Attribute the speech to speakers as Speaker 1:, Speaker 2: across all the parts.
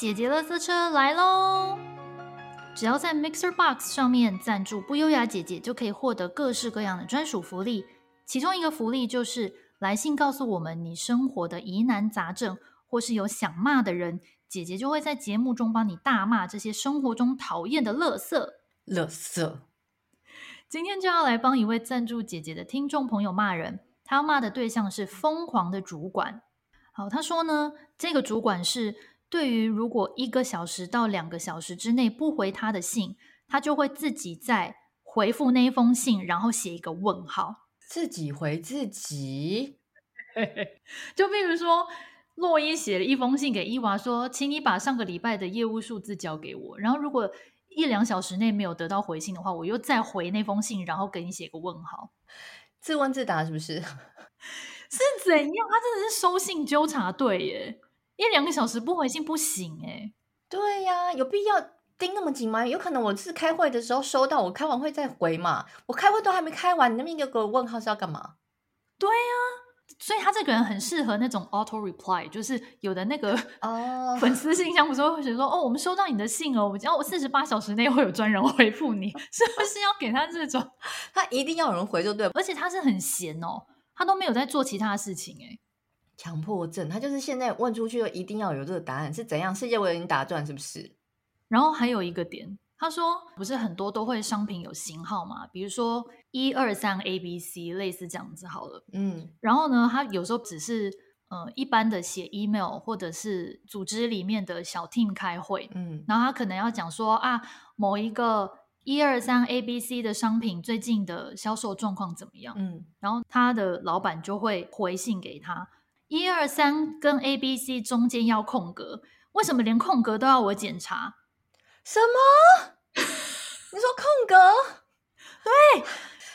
Speaker 1: 姐姐樂色車來嘍！只要在 Mixer Box 上面贊助不優雅姐姐，就可以獲得各式各樣的專屬福利。其中一個福利就是來信告訴我們你生活的疑難雜症，或是有想罵的人，姐姐就會在節目中幫你大罵這些生活中討厭的樂色。
Speaker 2: 樂色，
Speaker 1: 今天就要來幫一位贊助姐姐的聽眾朋友罵人。他要罵的對象是瘋狂的主管。好，他說呢，這個主管是。對於如果一個小時到兩個小時之內不回他的信，他就會自己再回復那封信，然後寫一個問號，
Speaker 2: 自己回自己。
Speaker 1: 就比如說，洛伊寫了一封信給伊娃說：“請你把上個禮拜的業務數字交給我。”然後如果一兩小時內沒有得到回信的話，我又再回那封信，然後給你寫個問號，自問自答是不是？ 是怎樣？他真的是收信糾察隊耶。一兩個小時不回信
Speaker 2: 不行哎，對呀、啊，有必要盯那麼緊嗎？有可能我是開會的時候收到，我開完會再回嘛。我開會都還沒開完，你那邊一個個問號是要幹嘛？對啊，所以他這個人很
Speaker 1: 適合那種 auto reply，就是有的那個
Speaker 2: 哦粉絲
Speaker 1: 信箱，有時候會寫說：“ uh、哦，我們收到你的信哦，我們要我四十八小時內會有專人回覆你。”是不是要給他這種？ 他一定要有人回就對，而且他是很閒哦，他都沒有在做其他的事情哎。
Speaker 2: 強迫症，他就是現在問出去了，一定要有這個答案是怎樣？世界圍著你打轉，是不是？
Speaker 1: 然後還有一個點，他說不是很多都會商品有型號嘛，比如說一二三 A B C，類似這樣子好了。嗯。然後呢，他有時候只是呃一般的寫 email 或者是組織裡面的小 team 開會，嗯。然後他可能要講說啊，某一個一二三 A B C 的商品最近的銷售狀況怎麼樣？嗯。然後他的老闆就會回信給他。一二三跟 ABC 中間要空格，為什麼連空格都要我檢查？
Speaker 2: 什麼？你說空格？ 對，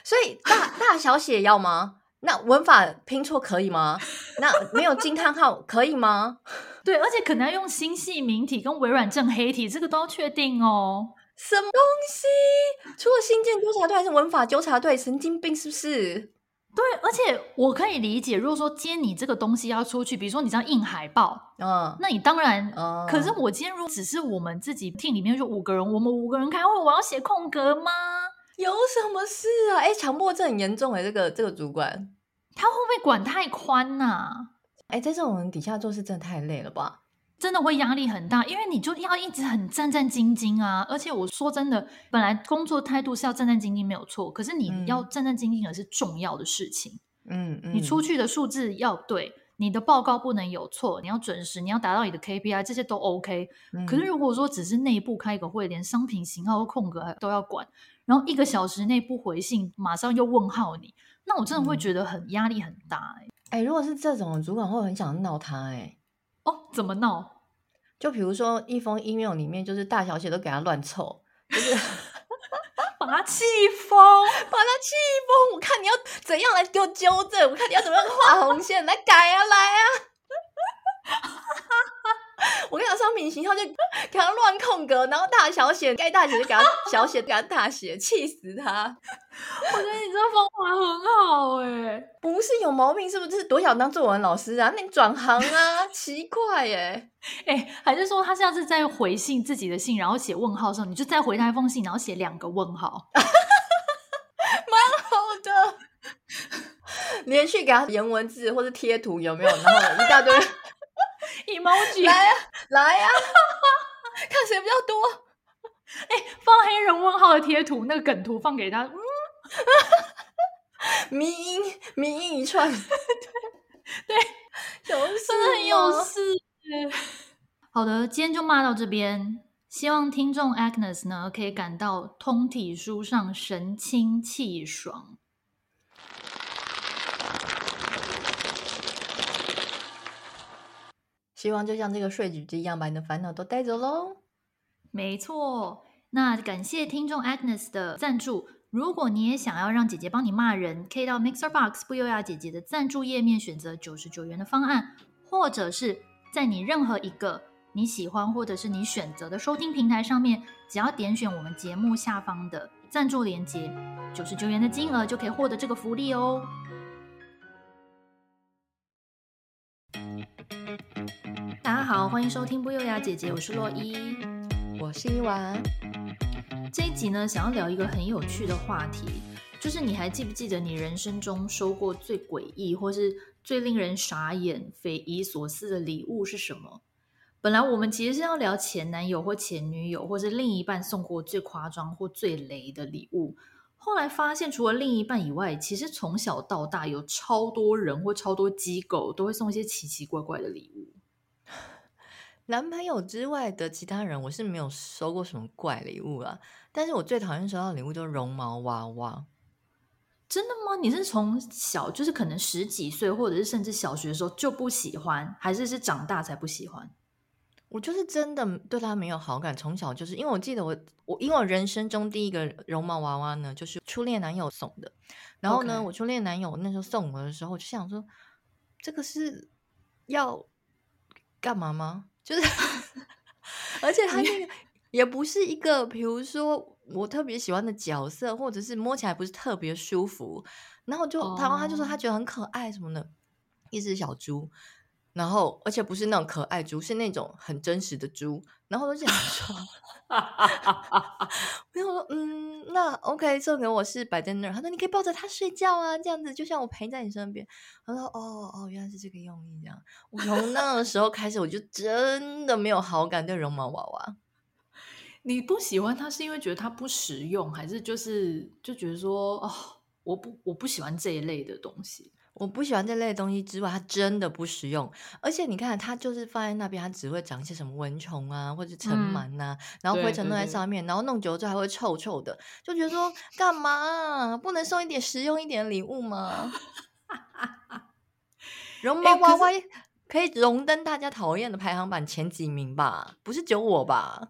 Speaker 2: 所以大大小寫要嗎？那文法拼錯可以嗎？那沒有驚嘆號可以嗎？ 對，而且可能要用新細明體跟微軟正黑
Speaker 1: 體，這個都要確定哦。什麼東西？除了信件糾察隊還是文法糾察隊？神經病是不是？對，而且我可以理解，如果說接你這個東西要出去，比如說你這樣印海報，嗯，那你當然，嗯、可是我今天如果只是我們自己 team，裡面就五個人，我們五個人開會，我要寫空格嗎？有什麼事
Speaker 2: 啊？誒強迫症很嚴重哎、欸，這個這個主管他會不會管太寬吶、啊？誒在這種底下做事真的太累了吧？真的會壓力很大，因為你就要一直
Speaker 1: 很戰戰兢兢啊！而且我說真的，本來工作態度是要戰戰兢兢沒有錯，可是你要戰戰兢兢的是重要的事情。嗯嗯，嗯你出去的數字要對，你的報告不能有錯，你要準時，你要達到你的 KPI，這些都 OK、嗯。可是如果說只是內部開個會，連商品型號和空格都要管，然後一個小時內不回信，馬上又問號你，那我真的會覺得很壓力很大哎、欸。
Speaker 2: 哎、嗯欸，如果是這種主管，會很想鬧他哎、欸。哦，怎麼鬧？就比如說一封 email 裡面，就是大小寫都給他亂湊，就是 把他氣瘋， 把他氣瘋。我看你要怎樣來給我糾正，我看你要怎麼樣畫紅線 來改啊，來啊！ 我跟你講，商品型號就給他亂空格，然後大小寫，該大寫就給他小寫， 給他大寫，氣死他！我覺得你這方法很好誒、欸、不是有毛病是不是？就是、多想當作文老師啊？那你轉行啊？ 奇怪誒、欸、誒、欸、還是說他下次再回信
Speaker 1: 自己的信，然後寫問號的時候，你就再回他一封信，然後寫兩個問號，蠻
Speaker 2: 好的。 連續給他顏文字或者貼圖，有沒有然後一大堆？ E、來呀、啊，來呀、啊， 看
Speaker 1: 誰比較多。哎，放黑人問號的貼圖，那個梗圖放給他。嗯，迷因迷因一串，對 對，有事真的很有事。 嗎對好的，今天就罵到這邊，希望聽眾 Agnes 呢可以感到通體舒暢，神清氣
Speaker 2: 爽。希望就像這個睡橘子一樣，把你的煩惱都帶走嘍。
Speaker 1: 沒錯，那感謝聽眾 Agnes 的贊助。如果你也想要讓姐姐幫你罵人，可以到 MixerBox 不優雅姐姐的贊助頁面選擇九十九元的方案，或者是在你任何一個你喜歡或者是你選擇的收聽平台上面，只要點選我們節目下方的贊助鏈接，九十九元的金額就可以獲得這個福利哦。好，歡迎收聽不優雅姐姐，我是洛伊，我是依婉。這一集呢，想要聊一個很有趣的話題，就是你還記不記得你人生中收過最詭異或是最令人傻眼、匪夷所思的禮物是什麼？本來我們其實是要聊前男友或前女友或是另一半送過最誇張或最雷的禮物，後來發現除了另一半以外，其實從小到大有超多人或超多機構都會送一些奇奇怪怪的禮物。
Speaker 2: 男朋友之外的其他人，我是沒有收過什麼怪禮物啊，但是我最討厭收到禮物就是絨毛娃娃。真的嗎？你是從小就是可能十幾歲，或者是甚至小學的時候就不喜歡，還是是長大才不喜歡？我就是真的對他沒有好感，從小就是因為我記得我我因為我人生中第一個絨毛娃娃呢，就是初戀男友送的。然後呢，Okay. 我初戀男友那時候送我的時候，我就想說，這個是要幹嘛嗎？就是，
Speaker 1: 而且他那個
Speaker 2: 也不是一個，比如說我特別喜歡的角色，或者是摸起來不是特別舒服。然後就他，他就說他覺得很可愛什麼的，一隻小豬。然後，而且不是那種可愛豬，是那種很真實的豬。然後我就想說，哈哈哈哈哈！沒有說，嗯。那 OK，送給我是擺在那兒。他說你可以抱着它睡覺啊，這樣子就像我陪在你身邊。他說哦哦，原來是這個用意這樣。我從那個時候開始，我就真的沒有好感對絨毛娃娃。 你不喜歡它是因為覺得它不實用，還是就是就覺得說哦，我不我不喜歡這一類的東西。我不喜歡這類的東西之外，它真的不實用。而且你看，它就是放在那邊，它只會長一些什麼蚊蟲啊，或者塵蟎吶，嗯、然後灰塵弄在上面，對對對，然後弄久了之後還會臭臭的。就覺得說，幹嘛、啊、不能送一點實用一點的禮物嗎？絨毛娃娃可以榮登大家討厭的排行榜前幾名吧？不是只有我吧？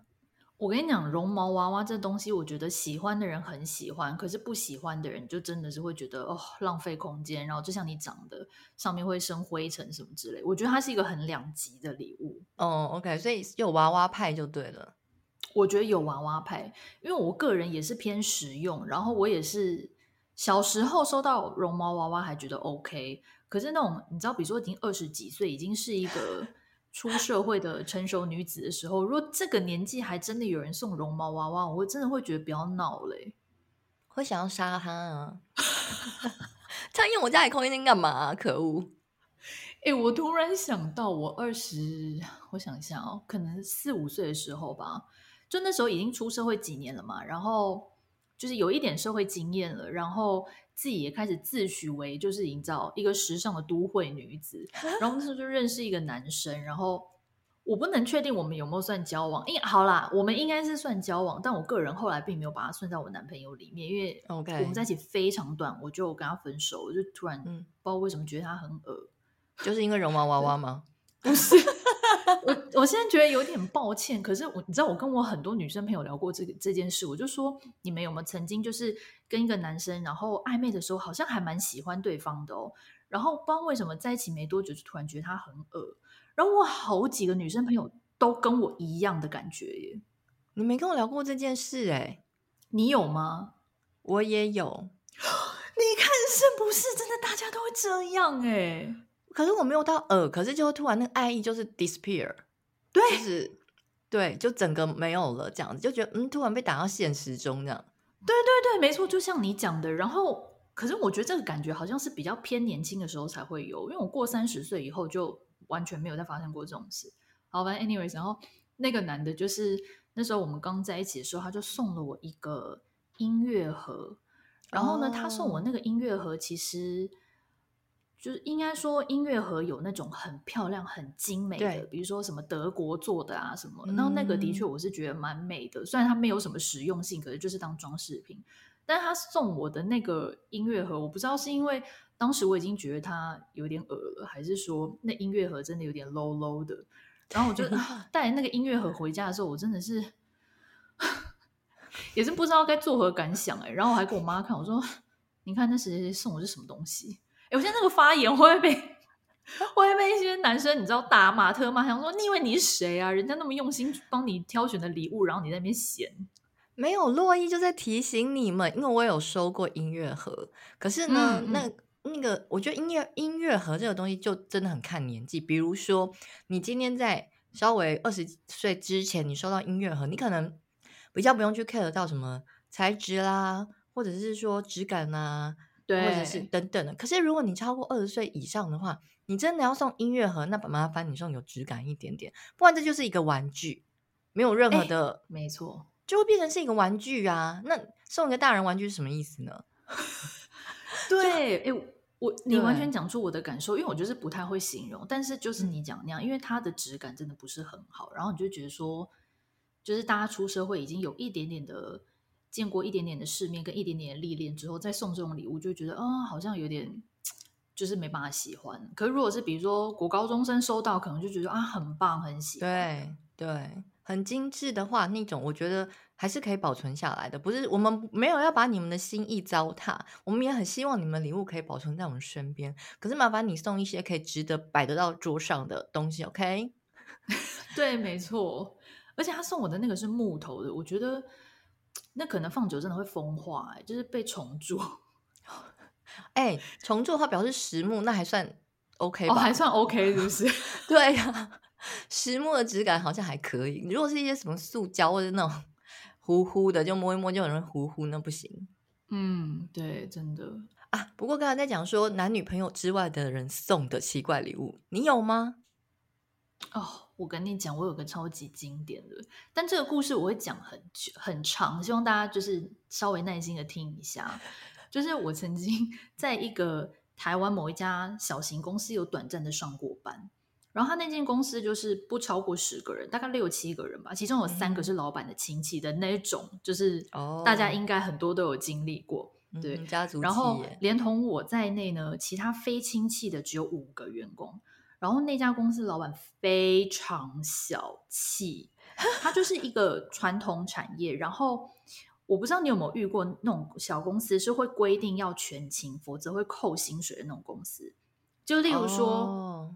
Speaker 1: 我跟你講，絨毛娃娃這東西，我覺得喜歡的人很喜歡，可是不喜歡的人就真的是會覺得哦，浪費空間。然後就像你講的，上面會生灰塵什麼之類。我覺得它是一個很兩極的禮物。
Speaker 2: 哦，OK，所以有娃娃派就對了。
Speaker 1: 我覺得有娃娃派，因為我個人也是偏實用，然後我也是小時候收到絨毛娃娃還覺得 OK，可是那種你知道，比如說已經二十幾歲，已經是一個。 出社會的成熟女子的時候，如果這個年紀還真的有人送絨毛娃娃，我真的會覺得比較鬧嘞，會想要殺他啊！ 他用我家裡空間幹嘛啊？可惡！欸，我突然想到，我二十，我想想哦，可能四五歲的時候吧，就那時候已經出社會幾年了嘛，然後就是有一點社會經驗了，然後。自己也開始自詡為就是營造一個時尚的都會女子，然後那時候就認識一個男生，然後我不能確定我們有沒有算交往。好啦，我們應該是算交往，但我個人後來並沒有把他算在我男朋友裡面，因為 OK 我們在一起非常短，我就跟他分手，就突然不知道為什麼覺得他很惡，
Speaker 2: 就是因為人玩娃娃娃嗎？不是。
Speaker 1: 我我現在覺得有點抱歉，可是我你知道，我跟我很多女生朋友聊過這個這件事，我就說，你們有沒有曾經就是跟一個男生，然後曖昧的時候，好像還蠻喜歡對方的哦，然後不知道為什麼在一起沒多久，就突然覺得他很噁，然後我好幾個女生朋友都跟我一樣的感覺耶。
Speaker 2: 你沒跟我聊過這件事誒、欸？你有嗎？我也有。 你看是不是真的，大家都會這樣誒、哦。可是我沒有到耳、呃，可是就突然那個愛意就是 disappear，對，就是對，就整個沒有了這樣子，就覺得嗯，突然被打到現實中這樣。對對對，沒錯，就像你講的。然
Speaker 1: 後，可是我覺得這個感覺好像是比較偏年輕的時候才會有，因為我過三十歲以後就完全沒有再發生過這種事。好，反正 anyways，然後那個男的就是那時候我們剛在一起的時候，他就送了我一個音樂盒。
Speaker 2: 然後呢，哦、他送我
Speaker 1: 那個音樂盒其實。就是應該說，音樂盒有那種很漂亮、很精美的，對比如說什麼德國做的啊什麼。嗯、然後那個的確我是覺得蠻美的，雖然它沒有什麼實用性，可是就是當裝飾品。但是他送我的那個音樂盒，我不知道是因為當時我已經覺得它有點惡了，還是說那音樂盒真的有點 low low 的。然後我就帶那個音樂盒回家的時候，我真的是 也是不知道該作何感想誒、欸、然後我還給我媽看，我說：“你看，那誰誰誰送我是什麼東西？”有我現在那個發言會被會被一些男生，你知道大馬特嗎？想說你以為你是誰啊？人家那麼用心幫你挑選的禮物，
Speaker 2: 然後你在那邊嫌沒有，洛伊就在提醒你們，因為我有收過音樂盒。可是呢，嗯嗯那那個，我覺得音樂音樂盒這個東西就真的很看年紀。比如說，你今天在稍微二十歲之前，你收到音樂盒，你可能比較不用去 care 到什麼材質啦，或者是說質感啦。對或者是等等的，可是如果你超過二十歲以上的話，你真的要送音樂盒，那麻煩你送你有質感一點點，不然這就是一個玩具，沒有任何的，欸、沒錯，就會變成是一個玩具啊。那送一個大人玩具是什麼意思呢？ 對，哎、欸，我你完全
Speaker 1: 講出我的感受，對因為我就是不太會形容，但是就是你講的那樣，嗯、因為它的質感真的不是很好，然後你就覺得說，就是大家出社會已經有一點點的。見過一點點的世面跟一點點的歷練之後，再送這種禮物，就覺得啊、哦，好像有點就是沒辦法喜歡。可是如果是比如說國高中生收到，可能就覺得啊，很棒，很喜歡。
Speaker 2: 對對，很精緻的話，那種我覺得還是可以保存下來的。不是我們沒有要把你們的心意糟蹋，我們也很希望你們禮物可以保存在我們身邊。可是麻煩你送一些可以值得擺得到桌上的東西，OK？
Speaker 1: 對，沒錯。而
Speaker 2: 且他送我的那個是
Speaker 1: 木頭的，我覺得。那可能放久真的會風化、欸、就是被蟲蛀。
Speaker 2: 哎、 欸，蟲蛀的話表示實木，那還算 OK 吧、哦？還算 OK，是不是？ 對呀、啊，實木的質感好像還可以。如果是一些什麼塑膠或者那種糊糊的，就摸一摸就很容易糊糊，那不行。嗯，對，真的啊。不過剛才在講說男女朋友之外的人送的奇怪禮物，你有嗎？哦。我跟你講，我有個超級經典的，但這個故事
Speaker 1: 我會講很很長，希望大家就是稍微耐心的聽一下。就是我曾經在一個台灣某一家小型公司有短暫的上過班，然後他那間公司就是不超過十個人，大概六七個人吧，其中有三個是老闆的親戚的那種，嗯、就是大家應該很多都有經歷過，哦、對、嗯，家族企業。然後連同我在內呢，其他非親戚的只有五個員工。然後那家公司老闆非常小氣，他就是一個傳統產業。然後我不知道你有沒有遇過那種小公司是會規定要全勤，否則會扣薪水的那種公司。就例如說，哦、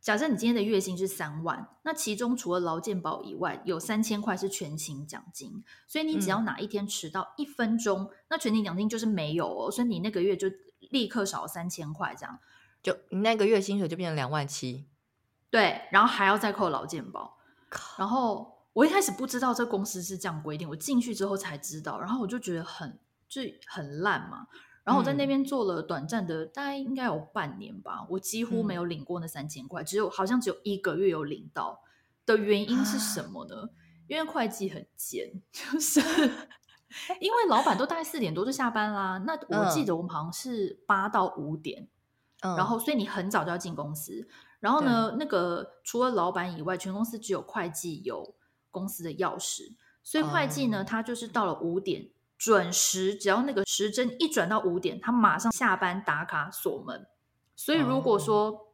Speaker 1: 假設你今天的月薪是三萬，那其中除了勞健保以外，有三千塊是全勤獎金，所以你只要哪一天遲到一分鐘，嗯、那全勤獎金就是沒有哦，所以你那個月就立刻少三千塊這樣。就你那個月薪水就變成兩萬七，對，然後還要再扣勞健保。靠然後我一開始不知道這公司是這樣規定，我進去之後才知道。然後我就覺得很就很爛嘛。然後我在那邊做了短暫的，嗯、大概應該有半年吧，我幾乎沒有領過那三千塊，嗯、只有好像只有一個月有領到。的原因是什麼呢？啊、因為會計很奸，就是 因為老闆都大概四點多就下班啦。那我記得我們好像是八到五點。嗯然後，所以你很早就要進公司。嗯、然後呢，對那個除了老板以外，全公司只有會計有公司的鑰匙。所以會計呢，他、哦、就是到了五點準時，只要那個時針一轉到五點，他馬上下班打卡鎖門。所以如果說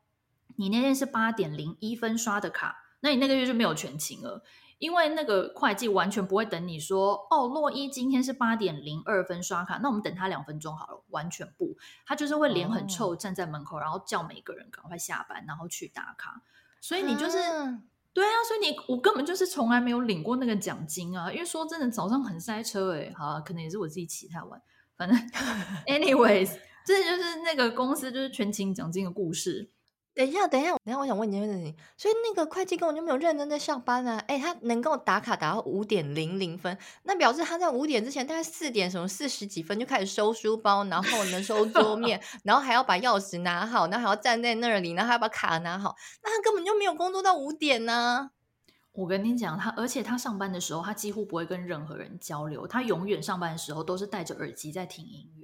Speaker 1: 你那天是八點零一分刷的卡，那你那個月就沒有全勤了。嗯因為那個會計完全不會等你說，哦，洛伊，今天是八點零二分刷卡，那我們等他兩分鐘好了，完全不，他就是會臉很臭站在門口，哦、然後叫每個人趕快下班，然後去打卡。所以你就是，啊對啊，所以你我根本就是從來沒有領過那個獎金啊，因為說真的早上很塞車哎、欸，好、啊，可能也是我自己起太晚，反正 ，anyways，這就是那個公司就是全勤獎金的故事。
Speaker 2: 等一下，等一下，等一下，我想問你一件事情。所以那個會計根本就沒有認真在上班啊！哎、欸，他能夠打卡打到五點零零分，那表示他在五點之前大概四點什麼四十幾分就開始收書包，然後能收桌面， 然後還要把鑰匙拿好，然後還要站在那裡，然後還要把卡拿好。那他根本就沒有工作到五點呢、啊。我跟你講，他而且他上班
Speaker 1: 的時候，他幾乎不會跟任何人交流，他永遠上班的時候都是戴着耳機在聽音樂。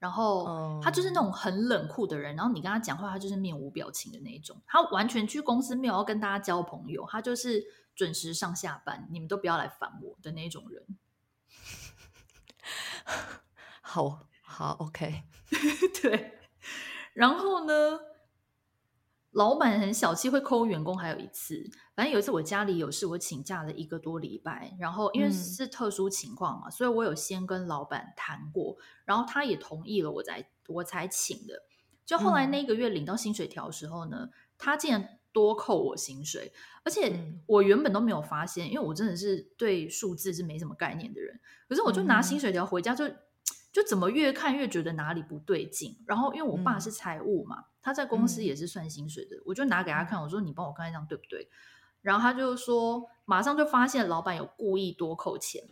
Speaker 1: 然後他就是那種很冷酷的人，嗯、然後你跟他講話，他就是面無表情的那一種，他完全去公司沒有要跟大家交朋友，他就是準時上下班，你們都不要來煩我的那種人。
Speaker 2: 好好，OK， 對，
Speaker 1: 然後呢？老闆很小氣，會扣員工。還有一次，反正有一次我家裡有事，我請假了一個多禮拜。然後因為是特殊情況嘛，嗯、所以我有先跟老闆談過，然後他也同意了，我才我才請的。就後來那一個月領到薪水條的時候呢，嗯、他竟然多扣我薪水，而且我原本都沒有發現，因為我真的是對數字是沒什麼概念的人。可是我就拿薪水條回家就。嗯就怎麼越看越覺得哪裡不對勁，然後因為我爸是財務嘛，嗯、他在公司也是算薪水的，嗯、我就拿給他看，我說你幫我看一下對不對，然後他就說，馬上就發現老板有故意多扣錢，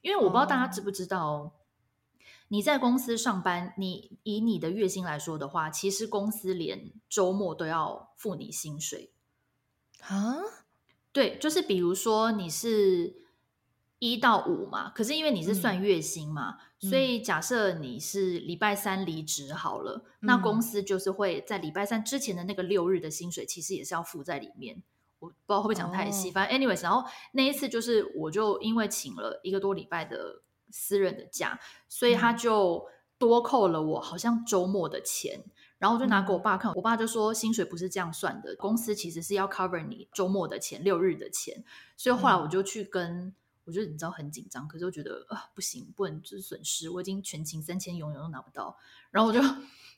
Speaker 1: 因為我不知道大家知不知道、哦，哦、你在公司上班，你以你的月薪來說的話，其實公司連周末都要付你薪水啊，對，就是比如說你是。一到五嘛，可是因為你是算月薪嘛，嗯、所以假設你是禮拜三離職好了，嗯、那公司就是會在禮拜三之前的那個六日的薪水，其實也是要付在裡面。我不知道會不會講太細，哦、反正 anyways，然後那一次就是我就因為請了一個多禮拜的私人的假，所以他就多扣了我好像周末的錢，然後我就拿給我爸看，嗯、我爸就說薪水不是這樣算的，公司其實是要 cover 你周末的錢、六日的錢，所以後來我就去跟。我覺得你知道很緊張，可是我覺得啊不行，不能就是損失。我已經全勤三千，永遠都拿不到。然後我就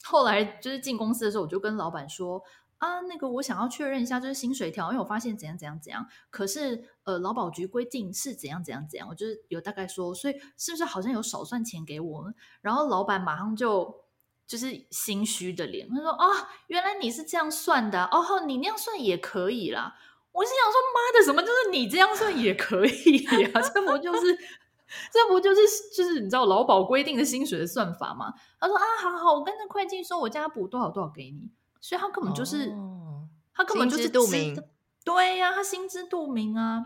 Speaker 1: 後來就是進公司的時候，我就跟老板說啊，那個我想要確認一下，就是薪水條，因為我發現怎樣怎樣怎樣。可是呃，勞保局規定是怎樣怎樣怎樣。我就是有大概說，所以是不是好像有少算錢給我然後老板馬上就就是心虛的臉，他說啊，哦，原來你是這樣算的哦，你那樣算也可以啦。我是想說，媽的，什麼就是你這樣算也可以啊。 這不就是，這不就是，就是你知道勞保規定的薪水的算法嗎？ 他說啊，好好，我跟那會計說，我叫他補多少多少給你，所以、哦、他根本就是，他根本就是知的，對呀、啊，他心知肚明啊。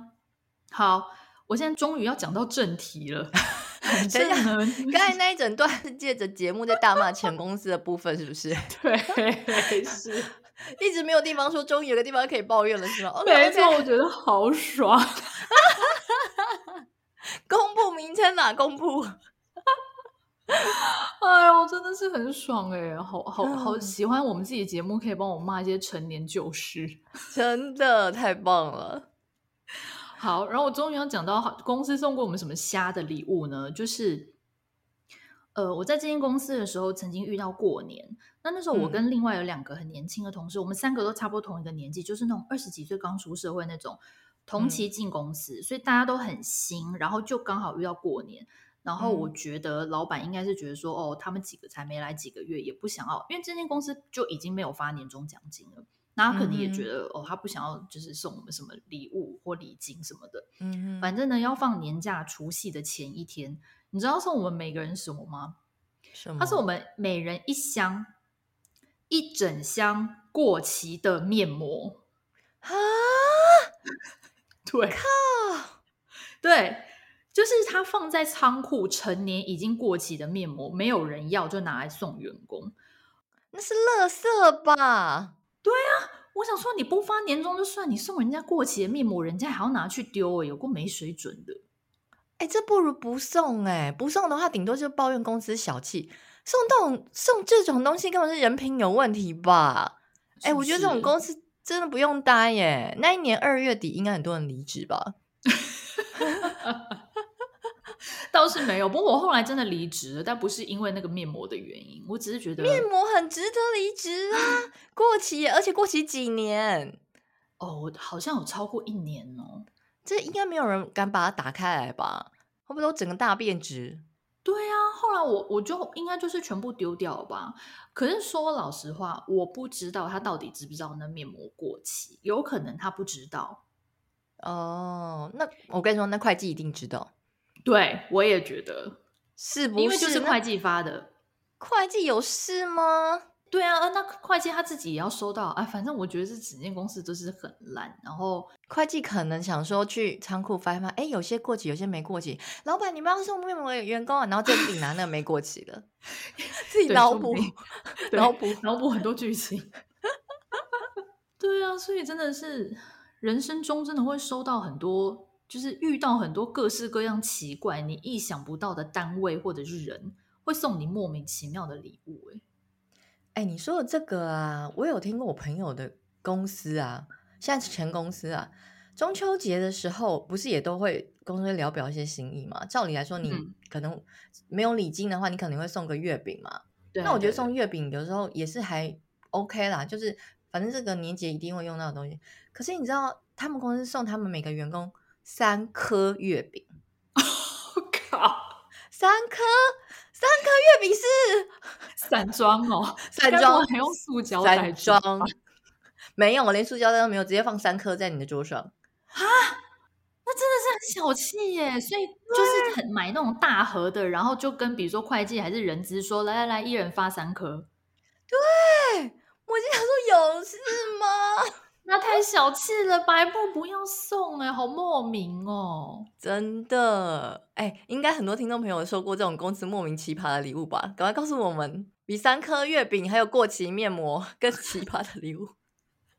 Speaker 1: 好，我現在終於要講到正題了。 等一下， 剛才那一整段
Speaker 2: 是借着節目在大罵前公司的部分，是不是？對， 是。一直沒有地方說，終於有個地方可以抱怨了，是嗎？Okay, okay. 沒錯，我覺得好爽。 公布名稱哪、啊、公布。
Speaker 1: 哎呦，真的是很爽哎、欸，好好好，好，好，喜歡我們自己節目，可以幫我罵一些陳年舊事，真的太棒了。好，然後我終於要講到公司送過我們什麼蝦的禮物呢？就是。呃，我在這間公司的時候，曾經遇到過年。那那時候我跟另外有兩個很年輕的同事，嗯、我們三個都差不多同一個年紀，就是那種二十幾歲剛出社會那種，同期進公司，嗯、所以大家都很新。然後就剛好遇到過年，然後我覺得老板應該是覺得說，哦，他們幾個才沒來幾個月，也不想要，因為這間公司就已經沒有發年終獎金了，那他可能也覺得，嗯、哦，他不想要就是送我們什麼禮物或禮金什麼的。反正呢，要放年假，除夕的前一天。你知道送我們每個人什麼嗎？什麼？他送我們每人一箱，一整箱過期的面膜啊！ 對，靠，對，就是他放在倉庫陳年已經過期的面膜，沒有人要就拿來送員工，
Speaker 2: 那是樂色吧？對啊，
Speaker 1: 我想說你不發年終就算，你送人家過期的面膜，人家還要拿去丟、欸，有夠沒水準的。
Speaker 2: 哎、欸，這不如不送哎、欸！不送的話，頂多就抱怨公司小氣。送這種送這種東西，根本是人品有問題吧？哎、欸，我覺得這種公司真的不用待耶、欸。那一年二月底，應該很多人離職吧？倒是
Speaker 1: 沒有。不過我後來真的離職了，但不是因為那個面膜的原因。我只是覺得面
Speaker 2: 膜很值得離職啊！ 過期，而且過期幾年？哦，好像有超過一年哦、喔。這應該沒有人敢把它打開來吧？會不會都整個大貶值？對啊。後來我我就應該就
Speaker 1: 是全部丟掉了吧。可是說老實話，我不知道他到底知不知道那面膜過期，有可能他不知道。哦，那我跟你說，那會計一定知道。對，我也覺得。是不是？因為就是會計發的，會計有事嗎？對啊，那會計他自己也要收到啊、哎。反正我覺得
Speaker 2: 這整間公司就是很爛，然後會計可能想說去倉庫翻翻，哎，有些過期，有些沒過期。老闆，你們要送面膜給員工啊？然後再自己拿那個沒過期的， 自己腦補，腦補，腦補很多劇情。
Speaker 1: 對啊，所以真的是人生中真的會收到很多，就是遇到很多各式各樣奇怪、你意想不到的單位或者是人會送你莫名其妙的禮物，哎
Speaker 2: 哎，你說的這個啊，我有聽過。我朋友的公司啊，現在是全公司啊，中秋節的時候不是也都會公司會聊表一些心意嘛？照理來說，你可能沒有禮金的話，你可能會送個月餅嘛。嗯、那我覺得送月餅有時候也是還 OK 啦，對對對，就是反正這個年節一定會用到的東西。可是你知道他們公司送他們每個員工三顆月餅？我靠，三顆！三顆月餅是散裝哦， 散裝還用塑膠袋？散裝，沒有，我連塑膠袋都沒有，直接放三顆在你的桌上
Speaker 1: 啊！那真的是很小氣耶，所以就是很對買那種大盒的，然後就跟比如說會計還是人資說，來來來，一人發三顆。
Speaker 2: 對，我就想說有，有事嗎？
Speaker 1: 那太小氣了，白布不要送哎、欸，好莫名哦，
Speaker 2: 真的哎、欸，應該很多聽眾朋友收過這種公司莫名奇葩的禮物吧？趕快告訴我們，比三顆月餅還有過期面膜更奇葩的禮物，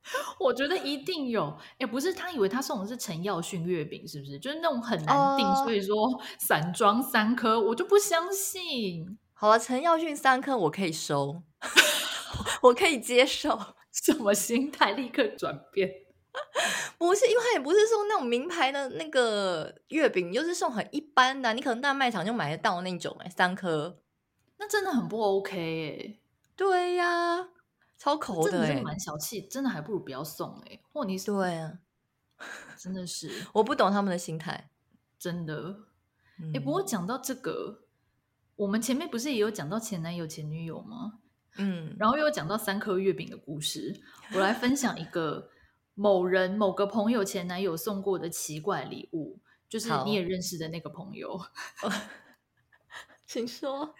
Speaker 1: 我覺得一定有。哎、欸，不是他以為他送的是陳耀訓月餅，是不是？就是那種很難訂。呃、所以說散裝三顆，我就不相信。好了，啊，陳耀訓
Speaker 2: 三顆我可以收， 我可以接受。什麼心態立刻轉變？ 不是，因為他也不是送那種名牌的那個月餅，就是送很一般的，你可能在賣場就買得到那種哎、欸，三顆，那真的很不 OK 哎、欸，對呀、啊，超摳的、欸，真的蠻
Speaker 1: 小氣，真的還不如不要送哎、欸，霍、oh, 你對啊，真的是， 我不懂他們的心態，真的。哎、欸，嗯、不過講到這個，我們前面不是也有講到前男友前女友嗎？嗯，然後又講到三顆月餅的故事。我來分享一個某人 某個朋友前男友送過的奇怪禮物，就是你也認識的那個朋友。好 請說，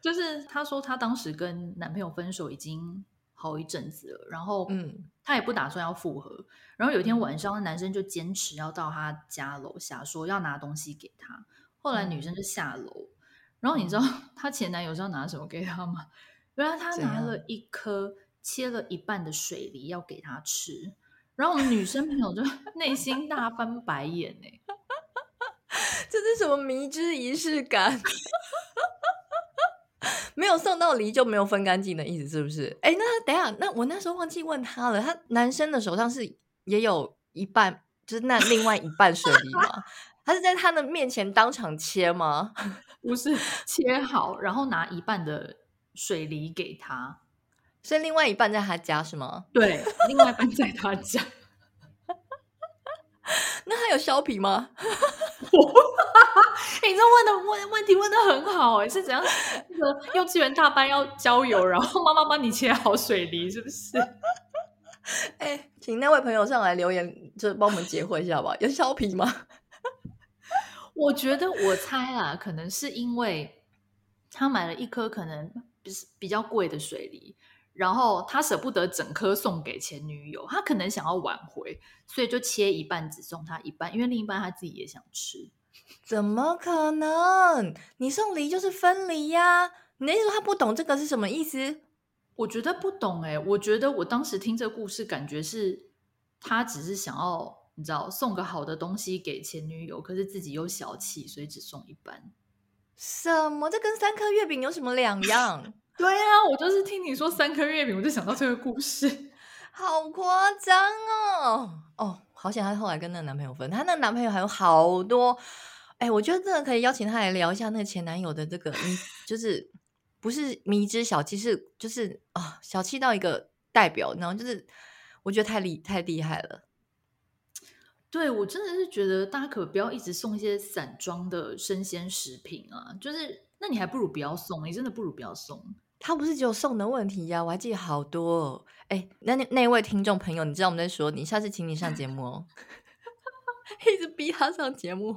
Speaker 1: 就是他說他當時跟男朋友分手已經好一陣子了，然後嗯，他也不打算要復合。嗯、然後有一天晚上，男生就堅持要到他家樓下，說要拿東西給他。後來女生就下樓，嗯、然後你知道他前男友是要拿什麼給他嗎？原來他拿了一顆樣切了一半的水梨要給他吃，然後我們女生朋友就內心大翻白眼哈、欸，
Speaker 2: 這是什麼迷之儀式感？ 沒有送到梨就沒有分乾淨的意思是不是？哎，那他等一下，那我那時候忘記問他了。他男生的手上是也有一半，就是那另外一半水梨嗎？ 他是在他的面前當場切嗎？不是，切好然後拿一半的。水梨給他，所以另外一半在他家是嗎？對，另外一半在他家。 那還有削皮嗎？哎 你
Speaker 1: 這問的問問題問得很好哎、欸，是怎樣？ 幼稚園大班要郊遊，然後媽媽幫你切好水梨，是不是？哎 、
Speaker 2: 欸，請那位朋友上來留言，就是幫我們結婚一下吧。有削皮嗎？ 我覺得我猜啦，可能是因為他買了一顆，
Speaker 1: 可能。就是比，比較貴的水梨，然後他捨不得整顆送給前女友，他可能想要挽回，所以就切一半，只送他一半，因為另一半他自己也想
Speaker 2: 吃。怎麼可能？你送梨就是分梨呀！你那時候他不懂這個是什麼意思？我覺得不懂哎、欸，我覺得我當時聽這故事，
Speaker 1: 感覺是他只是想要你知道送個好的東西給前女友，可是自己又小氣，所以只送一半。
Speaker 2: 什麼？這跟三顆月餅有什麼兩樣？ 對呀、啊，我就是聽你說三顆月餅，我就想到這個故事，好誇張哦！哦，好想她後來跟那個男朋友分，她那個男朋友還有好多。哎，我覺得真的可以邀請她來聊一下那個前男友的這個，嗯， 就是不是迷之小氣，是就是啊、哦，小氣到一個代表，然後就是我覺得太厲太厲害了。
Speaker 1: 對我真的是覺得，大家可不要一直送一些散裝的生鮮食品啊！就是，那你還不如不要送，你真的不如不
Speaker 2: 要送。他不是只有送的問題呀、啊，我還記得好多。誒，那那那位聽眾朋友，你知道我們在說你，下次請你上節目哦。 一直逼他上節目。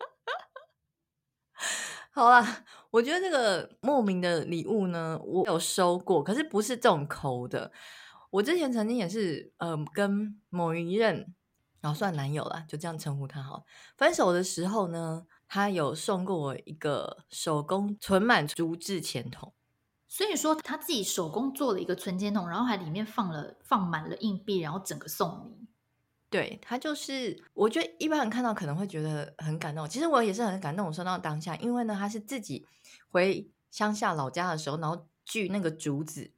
Speaker 2: 好啊，我覺得這個莫名的禮物呢，我有收過，可是不是這種摳的。我之前曾經也是，呃，跟某一任。然後算男友啦，就這樣稱呼他好了。分手的時候呢，他有送過我一個手工存滿竹制錢筒，
Speaker 1: 所以說他自己手工做了一個存錢筒，然後還裡面放了放滿了硬
Speaker 2: 幣，然後整個送你。對，他就是，我覺得一般人看到可能會覺得很感動，其實我也是很感動。我收到當下，因為呢，他是自己回鄉下老家的時候，然後鋸那個竹子，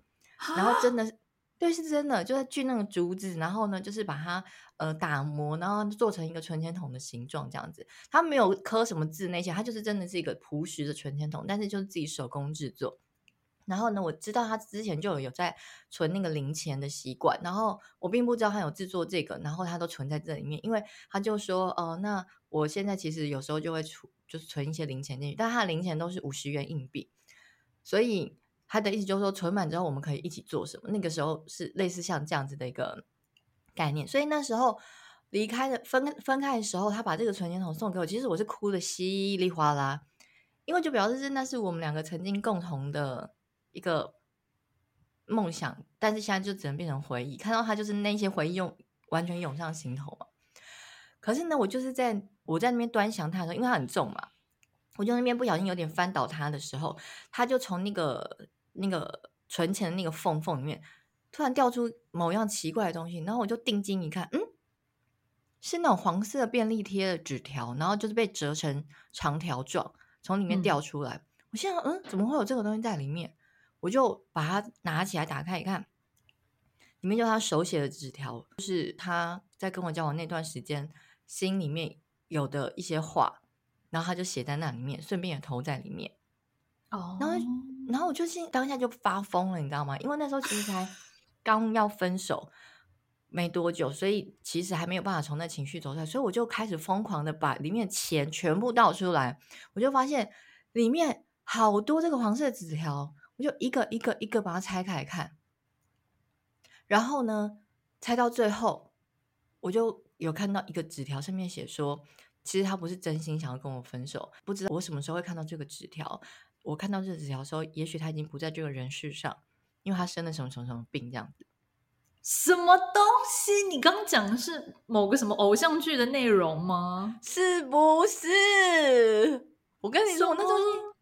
Speaker 2: 然後真的是。啊對，是真的，就是鋸那個竹子，然後呢，就是把它呃，打磨，然後做成一個存錢筒的形狀這樣子。它沒有刻什麼字那些，它就是真的是一個樸實的存錢筒，但是就是自己手工製作。然後呢，我知道他之前就有，有在存那個零錢的習慣，然後我並不知道他有製作這個，然後他都存在這裡面，因為他就說，哦、呃，那我現在其實有時候就會存，就是存一些零錢進去，但它的零錢都是五十元硬幣，所以。他的意思就是說，存滿之後我們可以一起做什麼？那個時候是類似像這樣子的一個概念。所以那時候離開的分分開的時候，他把這個存錢筒送給我。其實我是哭得稀里嘩啦，因為就表示是那是我們兩個曾經共同的一個夢想，但是現在就只能變成回憶。看到他就是那些回憶，又完全湧上心頭嘛。可是呢，我就是在我在那邊端詳他的時候，因為他很重嘛，我就那邊不小心有點翻倒他的時候，他就從那個。那個存錢的那個縫縫裡面，突然掉出某樣奇怪的東西，然後我就定睛一看，嗯，是那種黃色便利貼的紙條，然後就是被折成長條狀，從裡面掉出來。嗯、我心想，嗯，怎麼會有這個東西在裡面？我就把它拿起來打開一看，裡面就他手寫的紙條，就是他在跟我交往那段時間心裡面有的一些話，然後他就寫在那裡面，順便也投在裡面。
Speaker 1: 哦，然後。
Speaker 2: 然後我就當下就發瘋了，你知道嗎？因為那時候其實才剛要分手沒多久，所以其實還沒有辦法從那情緒走出來，所以我就開始瘋狂的把裡面錢全部倒出來。我就發現裡面好多這個黃色紙條，我就一個一個一個把它拆開來看。然後呢，拆到最後，我就有看到一個紙條上面寫說：“其實他不是真心想要跟我分手，不知道我什麼時候會看到這個紙條。”我看到這紙條時候，也許他已經不在這個人世上，因為他生了什麼什麼什麼病這樣子。什麼
Speaker 1: 東西？你剛講的是某個什麼偶像劇的內容嗎？是不
Speaker 2: 是？我跟你說，麼那我那時候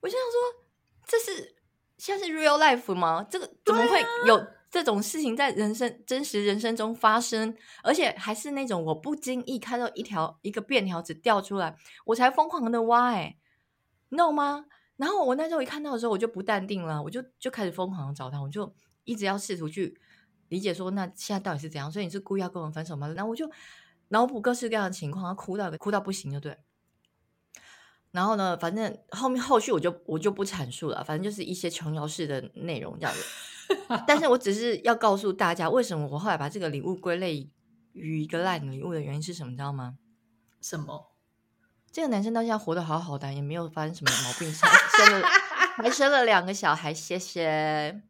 Speaker 2: 我就想說，這是像是 real life 嗎？這個怎麼會有這種事情在人生、啊、真實人生中發生？而且還是那種我不經意看到一條一個便條紙掉出來，我才瘋狂的挖哎、欸、，no 嗎？然後我那時候一看到的時候，我就不淡定了，我就就開始瘋狂的找他，我就一直要試圖去理解說，那現在到底是怎樣？所以你是故意要跟我們分手嗎？然後我就，然後腦補各式各樣的情況，哭到哭到不行就對。然後呢，反正後面後續我就我就不闡述了，反正就是一些瓊瑤式的內容這樣子。 但是我只是要告訴大家，為什麼我後來把這個禮物歸類於一個爛禮物的原因是什麼，你知道嗎？什麼？這個男生到現在活得好好的，也沒有發生什麼毛病， 生了還生了兩個小孩，謝謝。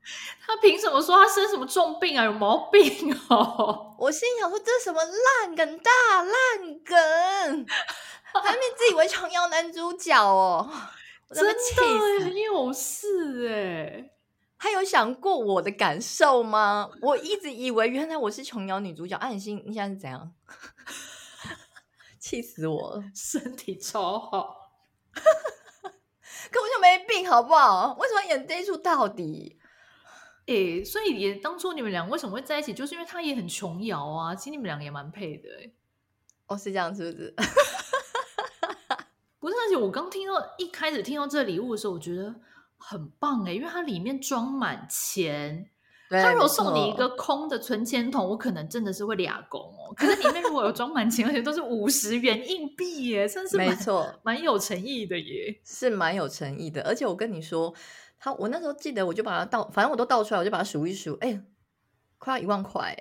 Speaker 2: 他憑什麼說他生什麼重病啊？有毛病哦！我心想說，這是什麼爛梗，大爛梗， 還沒自以為瓊瑤男主角哦，真的很有事哎。他有想過我的感受嗎？我一直以為原來我是瓊瑤女主角，安、啊、心，你現在是怎樣？氣死我了！
Speaker 1: 身體超好，
Speaker 2: 可我就沒病，好不好？為什麼
Speaker 1: 演這出到底、欸？所以也當初你們倆為什麼會在一起？就是因為他也很瓊瑤啊，其實你們兩個也蠻配的、欸。哦，是這樣，是不是？ 不是，而且我剛聽到一開始聽到這個禮物的時候，我覺得很棒、欸、因為它裡面裝滿錢。對他如果送你一個空的存錢筒，錯我可能真的是會倆工哦。可是裡面如果有裝滿錢， 而且都是五十元硬幣耶，真是沒錯，
Speaker 2: 蠻有誠意的耶。是蠻有誠意的，而且我跟你說，他我那時候記得，我就把它倒，反正我都倒出來，我就把它數一數，誒、哎、快要一萬塊，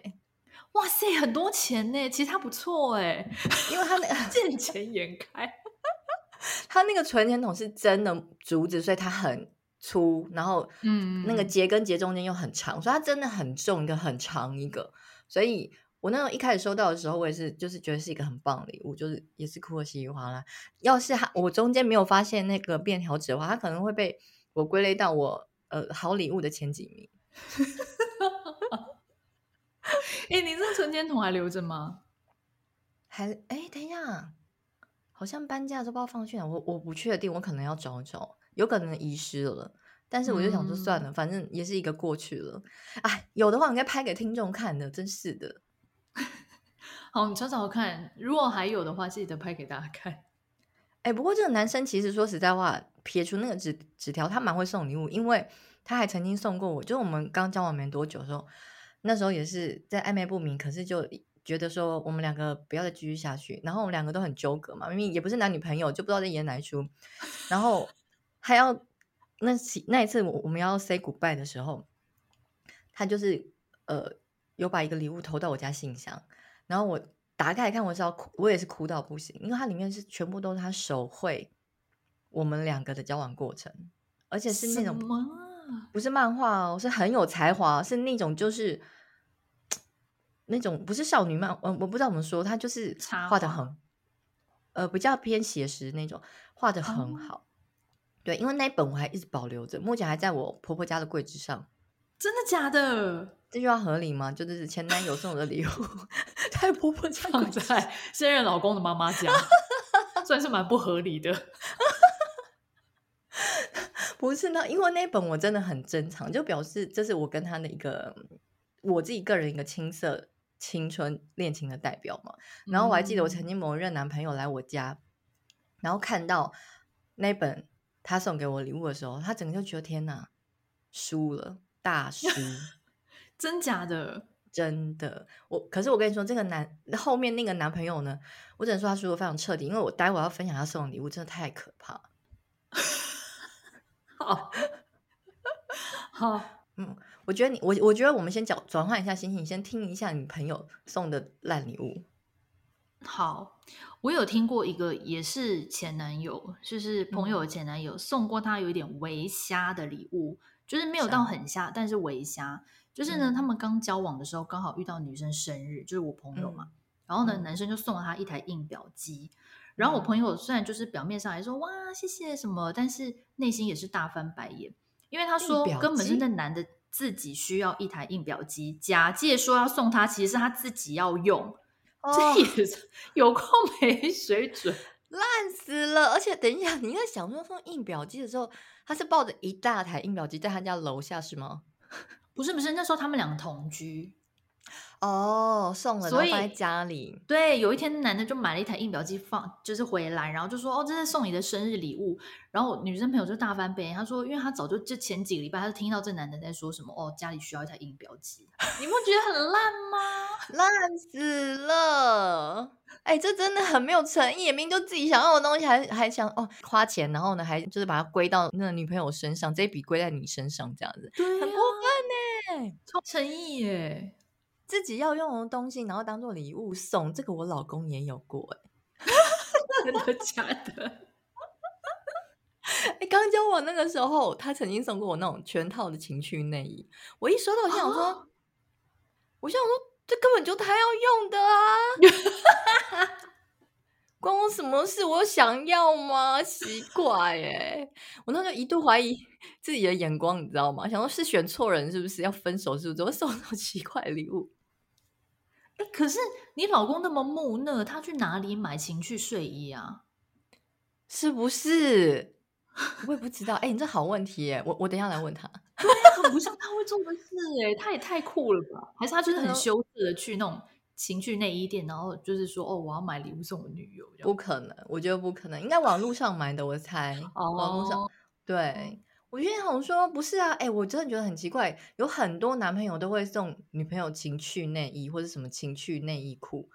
Speaker 1: 哇塞，很多錢呢。其實他不錯誒 因為他、那個、 見錢眼開，
Speaker 2: 他那個存錢筒是真的竹子，所以它很。粗，然後那個節跟節中間又很長，嗯、所以它真的很重，一個很長一個，所以我那個一開始收到的時候，我也是就是覺得是一個很棒的禮物，就是也是哭得稀里嘩啦。要是我中間沒有發現那個便條紙的話，它可能會被我歸類到我呃好禮物的前幾名。哎、 欸，你這個存錢筒還留着嗎？還哎、欸，等一下，好像搬家都不知道放去了，我我不確定，我可能要找一找。有可能遺失了，但是我就想說算了，嗯、反正也是一個過去了。哎、啊，有的話應該拍給聽眾看的，真是的。
Speaker 1: 好，你穿的好看，如果還有的話，記得拍給大家看。哎、
Speaker 2: 欸，不過這個男生其實說實在話，撇除那個紙紙條，他蠻會送禮物，因為他還曾經送過我，就是我們剛交往沒多久的時候，那時候也是在曖昧不明，可是就覺得說我們兩個不要再繼續下去，然後我們兩個都很糾葛嘛，明明也不是男女朋友，就不知道在演哪一出，然後。 還要那那一次，我我們要 say goodbye 的時候，他就是呃，有把一個禮物投到我家信箱，然後我打開來看，我是要哭，我也是哭到不行，因為它裡面是全部都是他手繪我們兩個的交往過程，而且是那種麼不是漫畫哦，是很有才華，是那種就是那種不是少女漫，我、呃、我不知道怎麼說，他就是畫的很花呃，比較偏寫實那種，畫的很好。對，因為那一本我還一直保留着，目前還在我婆婆家的櫃子上。真的假的？這句話合理嗎？就是前男友送我的禮物，還 婆婆家在現任老公的媽媽家， 算是蠻不合理的。 不是呢，因為那本我真的很珍藏，就表示這是我跟他的一個我自己個人一個青澀青春戀情的代表嘛。然後我還記得我曾經某一個任男朋友來我家，嗯、然後看到那本。他送給我禮物的時候，他整個就覺得天吶，輸了，大輸， 真假的？真的。我可是我跟你說，這個男後面那個男朋友呢，我只能說他輸的非常徹底，因為我待會要分享他送的禮物，真的太可怕。好 好， 好嗯，我覺得你，我我覺得我們先轉轉換一下心情，先聽一下你朋友送的爛禮物。好，我有聽過一個也
Speaker 1: 是前男友，就是朋友的前男友送過他有一點微瞎的禮物，嗯、就是沒有到很瞎，像但是微瞎，就是呢，嗯、他們剛交往的時候剛好遇到女生生日，就是我朋友嘛。嗯、然後呢，嗯、男生就送了他一台印表機。然後我朋友雖然就是表面上來說、嗯、哇謝謝什麼，但是內心也是大翻白眼，因為他說根本是那男的自己需要一台印表機，假借說要送他，其
Speaker 2: 實是他自己要用。這也是有空沒水準、哦，爛死了！而且等一下，你應該想說，說印表機的時候，他是抱着一大台印表機在他家樓下是嗎？不是不是，那時候他們兩個同居。哦，oh, 送了，放以在
Speaker 1: 家裡，對。有一天男的就買了一台印表機放，就是回來，然後就說哦，這是送你的生日禮物。然後女生朋友就大翻白眼，她說，因為她早就就前幾個禮拜，她就聽到這男的在說什麼哦，家裡需要一台印表機，
Speaker 2: 你不覺得很爛嗎？ 爛死了！哎、欸，這真的很沒有誠意，明明就自己想要的東西還，還還想哦花錢，然後呢，還就是把它歸到那個女朋友身上，這筆歸在你身上這樣子，對、啊，很過分呢，沒誠意耶。自己要用的東西，然後當做禮物送，這個我老公也有過、欸， 真的假的？哎、 欸，剛交往那個時候，他曾經送過我那種全套的情趣內衣。我一收到，我想說，啊、我想說，這根本就他要用的啊， 關我什麼事？我想要嗎？奇怪、欸，哎，我那時候一度懷疑自己的眼光，你知道嗎？想說，是選錯人是不是？要分手是不是？我送那種奇怪禮物？可是你老公那麼木訥，他去哪裡買情趣睡衣啊？是不是？我也不知道。哎、 欸，你這好問題，我我等一下來問他。對， 很不像他會做的事哎，他也太酷了吧？好還是他就是很羞澀的
Speaker 1: 去那種情趣內衣店，能然後就是說哦，我要買禮物送我女友。不可能，我覺得不
Speaker 2: 可能，應該網路上買的，我猜。 網路上，對。我覺得好像說不是啊，哎、欸，我真的覺得很奇怪，有很多男朋友都會送女朋友情趣內衣或者什麼情趣內衣褲，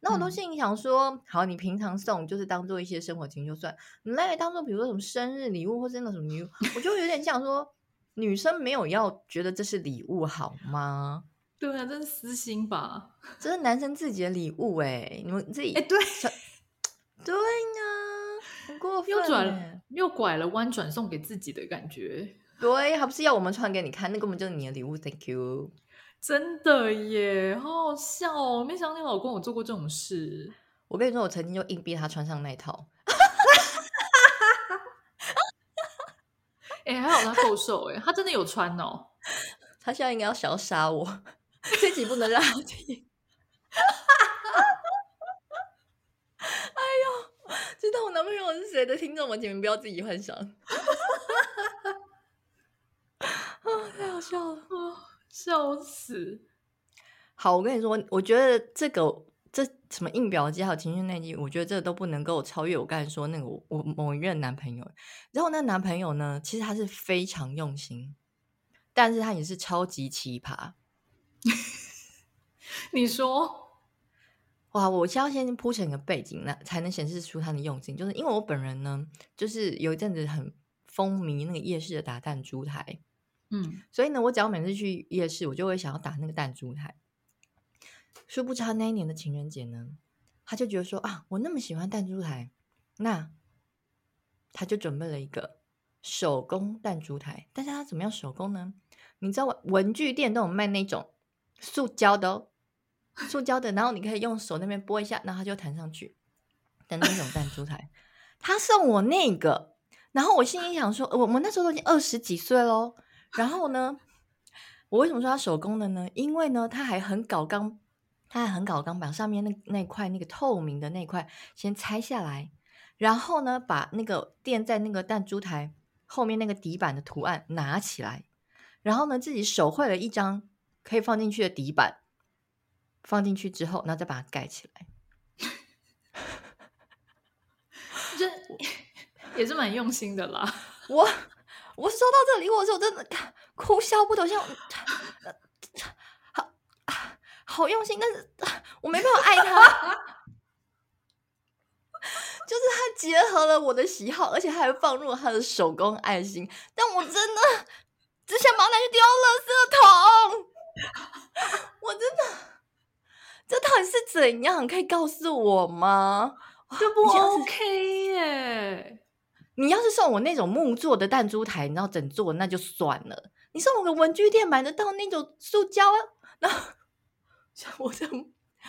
Speaker 2: 那我都心想說，好，你平常送就是當做一些生活情趣就算，你來也當做比如說什麼生日禮物或者那種什麼禮物， 我就有點想說，女生沒有要覺得這是禮物好嗎？
Speaker 1: 對啊，這是私心吧，
Speaker 2: 這是男生自己的禮物，哎、欸，你們自己哎、欸、對，對呢。欸、又轉，又拐了彎轉送給自己的感覺，對，還不是要我們穿給你看？那根本就是你的禮物，Thank you，真的耶，好好笑哦！沒想到你老公有做過這種事，我跟你說，我曾經就硬逼他穿上那套，哈哈哈哈哈哈！還好他夠瘦、欸，哎，他真的有穿哦，他現在應該要想要殺我，這集不能讓停。 知道我男朋友是誰的聽眾們，請你們不要自己幻想。 啊，太好笑了，笑死！好，我跟你說，我覺得這個這什麼印表機、還有情緒內衣，我覺得這都不能夠超越我剛才說那個我我某一任男朋友。然後那個男朋友呢，其實他是非常用心，但是他也是超級奇葩。 你說？哇！我需要先鋪成一個背景，那才能顯示出它的用心。就是因為我本人呢，就是有一陣子很風靡那個夜市的打彈珠台，嗯，所以呢，我只要每次去夜市，我就會想要打那個彈珠台。殊不知那一年的情人節呢，他就覺得說啊，我那麼喜歡彈珠台，那他就準備了一個手工彈珠台。但是他怎麼樣手工呢？你知道文具店都有賣那種塑膠的哦。塑膠的，然後你可以用手那邊撥一下，然後它就彈上去的那種彈珠台。他送我那個，然後我心裡想說，我們那時候都已經二十幾歲嘍。然後呢，我為什麼說他手工的呢？因為呢，他還很搞鋼他還很搞鋼把上面那那塊那個透明的那塊，先拆下來，然後呢，把那個墊在那個彈珠台後面那個底板的圖案拿起來，然後呢，自己手繪了一張可以放進去的底板。放進去之後，然後再把它蓋起來，
Speaker 1: 這也是蠻用心的啦。
Speaker 2: 我我收到這禮物的時候，我真的哭笑不得，像好好用心，但是我沒辦法愛他， 就是他結合了我的喜好，而且他還放入了他的手工愛心，但我真的只想忙拿去丟垃圾桶， 我真的。這到底是怎樣？可以告訴我嗎？這不哇 OK 耶！你要是送我那種木做的彈珠台，你知道整座那就算了。你送我個文具店買得到那種塑膠啊？那 我這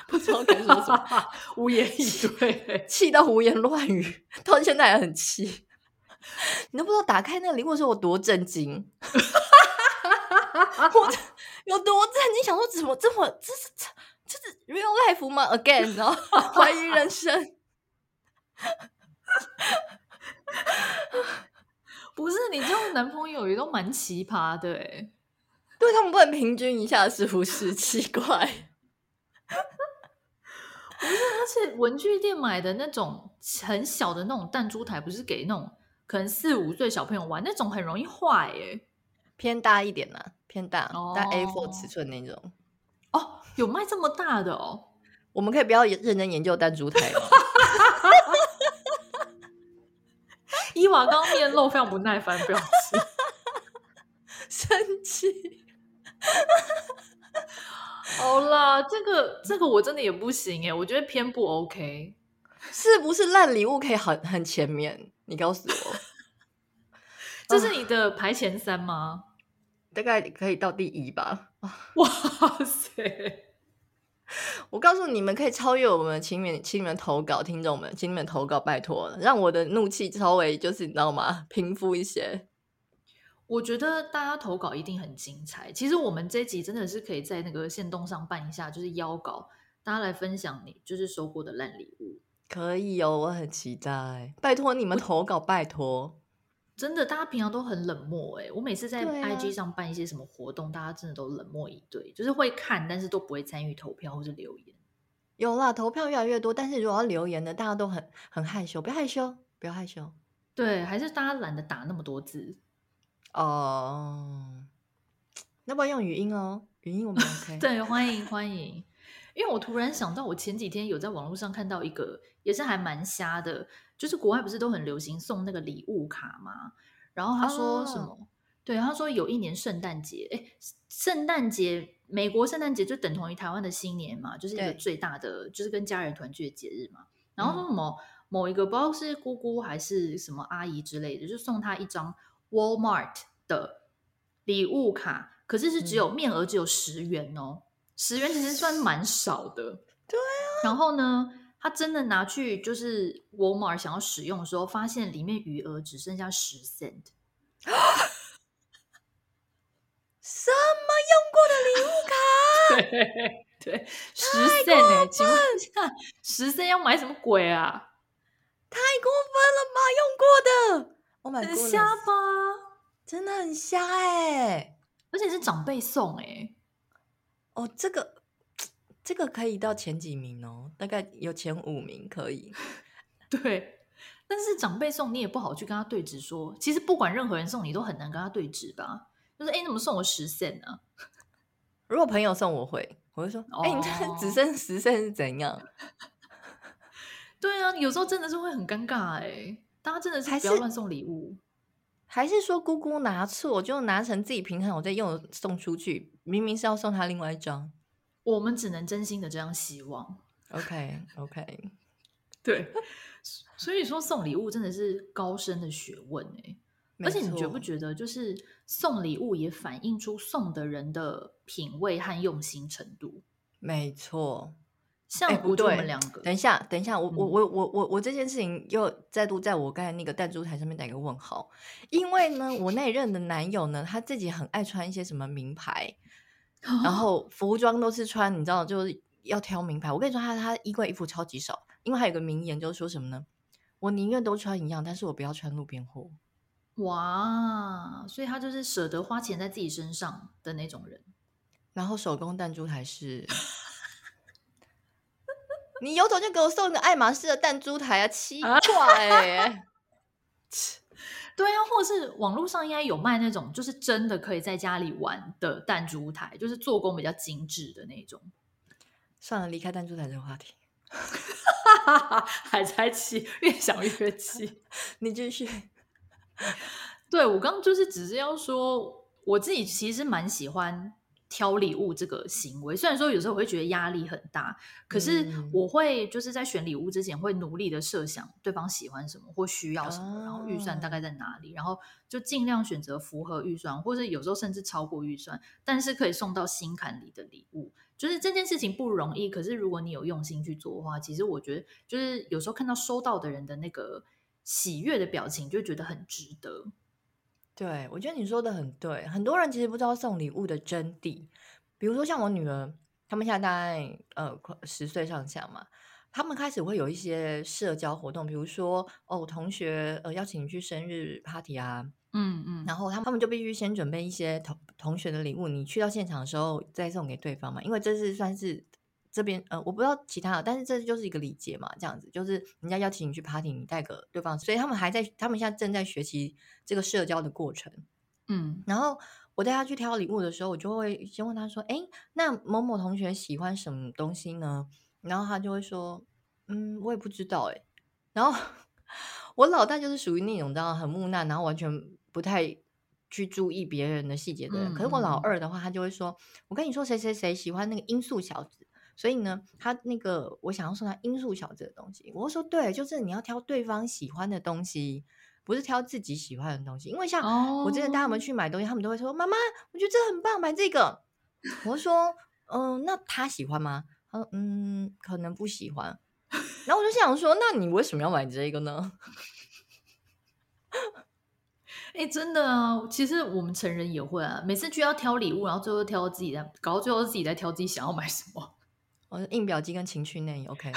Speaker 2: 不知道該說什麼？ 無言以對氣，氣到胡言亂語，到現在還很氣。 你都不知道打開那個禮物時我多震驚！我有多震驚？想說怎麼這麼這是。這就是 real life 嗎？Again，然後懷疑人生。
Speaker 1: 不是，你這男朋友也都蠻奇葩的哎、欸。對他們不能平均一下，是不是奇怪？不 是，而且文具店買的那種很小的那種彈珠台，不是給那種可能四五歲小朋友玩那種，很容易壞哎、欸。
Speaker 2: 偏大一點的、啊、偏大，大 A4 尺寸那種哦。哦有賣這麼大的哦！我們可以不要認真研究彈珠台。伊娃剛面露非常不耐煩表情
Speaker 1: 生氣。好、oh, 了，這個這個我真的也不行哎，我覺得偏不 OK，
Speaker 2: 是不是爛禮物可以很很前面？你告訴我， 這是你的排前三嗎？啊、大概可以到第一吧。哇塞！我告訴你們，可以超越我們，請你們，請你們投稿，聽眾們，請你們投稿，拜托讓我的怒氣稍微，就是你知道嗎，平復一些。
Speaker 1: 我覺得大家投稿一定很精彩。其實我們這一集真的是可以在那個限動上辦一下，就是邀稿，大家來分享你就是收過的爛禮物。
Speaker 2: 可以哦，我很期待。拜托你們投稿，拜托。
Speaker 1: 真的，大家平常都很冷漠。欸、我每次在 IG 上辦一些什麼活動，啊、大家真的都冷漠以對，就是會看，但是都不會參與投票或者留言。
Speaker 2: 有啦，投票越來越多，但是如果要留言的，大家都很很害羞，不要害羞，不要害羞。
Speaker 1: 對，還是大家懶得打那麼多字哦。Uh, 那不要用語音哦，語音我沒有、OK、開。 對，歡迎歡迎。因為我突然想到，我前幾天有在網路上看到一個，也是還蠻瞎的。就是國外不是都很流行送那個禮物卡嗎？然後他說什麼？Oh. 對，他說有一年聖誕節，誒，聖誕節，美國聖誕節就等同於台灣的新年嘛，就是一個最大的，對就是跟家人團聚的節日嘛。
Speaker 2: 然後說什麼？
Speaker 1: 嗯、某一個不知道是姑姑還是什麼阿姨之類的，就送他一張 Walmart 的禮物卡，可是是只有、嗯、面額只有十元哦，十元其實算蠻少的。 對啊。然後呢？他真的拿去就是 Walmart 想要使用的時候，發現裡面餘額只剩下十 cent，
Speaker 2: 什麼用過的禮物卡？ 對，十對 cent 哎、欸，請問一下
Speaker 1: 十 cent 要買什麼鬼啊？太過
Speaker 2: 分了吧，用過的，我買的瞎嗎？真的很瞎哎、欸，而且是長輩送哎、欸，哦，oh, 這個。這個可以到前幾名哦，大概有前五名可以。對，但
Speaker 1: 是長輩送你也不好去跟他對質說。其實不管任何人送你都很難跟他對質吧？就是哎，你怎麼送我十三呢？如果朋友送我會，我會說哎、oh. 欸，你這只
Speaker 2: 剩十三是怎樣？ 對啊，有時候真的是會很尷尬哎。大家真的是不要亂送禮物，還是，還是說姑姑拿錯，我就拿成自己平衡，我再用送出去，明明是要送他另外一張。我們只能真心的這樣希望。OK，OK，
Speaker 1: 對，所以說送禮物真的是高深的學問哎，欸。沒錯。而且你覺不覺得，就是送禮物也反映出送的人的品味和用心程度？沒錯。
Speaker 2: 像不，欸，不對，我們兩個，等一下，等一下，我我我我我，我這件事情又再度在我剛才那個彈珠台上面打一個問號，因為呢，我那一任的男友呢，他自己很愛穿一些什麼名牌。然後服裝都是穿，你知道，就是要挑名牌。我跟你說他，他他衣櫃衣服超級少，因為還有個名言，就是說什麼呢？我寧願都穿一樣，但是我不要穿路邊貨。
Speaker 1: 哇，所以他就是捨得花錢在自己身上的那種人。
Speaker 2: 然後手工彈珠台是， 你有種就給我送一個愛馬仕的彈珠台啊，奇怪、
Speaker 1: 欸。 對啊，或者是網絡上應該有賣那種，就是真的可以在家裡玩的彈珠台，就是做工比較精緻的那種。算
Speaker 2: 了，離開彈珠台這個話題，哈哈哈哈還在氣，越想越氣。 你繼續。對，我剛剛就是只是要說，我
Speaker 1: 自己其實蠻喜歡挑禮物這個行為，雖然說有時候我會覺得壓力很大，可是我會就是在選禮物之前會努力的設想對方喜歡什麼或需要什麼，嗯、然後預算大概在哪裡，然後就盡量選擇符合預算，或是有時候甚至超過預算，但是可以送到心坎裡的禮物，就是這件事情不容易，可是如果你有用心去做的話，其實我覺得就是有時候看到收到的人的那個喜悅的表情，就覺得很值得。
Speaker 2: 對，我覺得你說的很對。很多人其實不知道送禮物的真諦。比如說像我女兒，他們現在大概呃快十歲上下嘛，他們開始會有一些社交活動，比如說哦同學呃邀請你去生日 party 啊，嗯嗯，嗯然後他們他們就必須先準備一些同同學的禮物，你去到現場的時候再送給對方嘛，因為這是算是。這邊呃，我不知道其他的，但是這就是一個禮節嘛，這樣子就是人家邀請你去 party，你帶個對方，所以他們還在，他們現在正在學習這個社交的過程。嗯，然後我帶他去挑禮物的時候，我就會先問他說：“哎、欸，那某某同學喜歡什麼東西呢？”然後他就會說：“嗯，我也不知道，哎。”然後我老大就是屬於那種這樣很木訥，然後完全不太去注意別人的細節的人。嗯、可是我老二的話，他就會說：“我跟你說，誰誰誰喜歡那個音速小子。”所以呢，他那個我想要送他《音速小子》的東西，我就說：“對，就是你要挑對方喜歡的東西，不是挑自己喜歡的東西。”因為像我真的帶他們去買東西，oh. 他們都會說：“媽媽，我覺得這很棒，買這個。”我說：“嗯、呃，那他喜歡嗎？”他說：“嗯，可能不喜歡。”然後我就想說：“那你為什麼要買這個呢？”哎、 欸，真的啊，其實我們成人也會啊，每次去要挑禮物，然後最後挑自己的，搞到最後自己在挑自己想要買什麼。的印、oh, 表機跟情趣內衣 OK，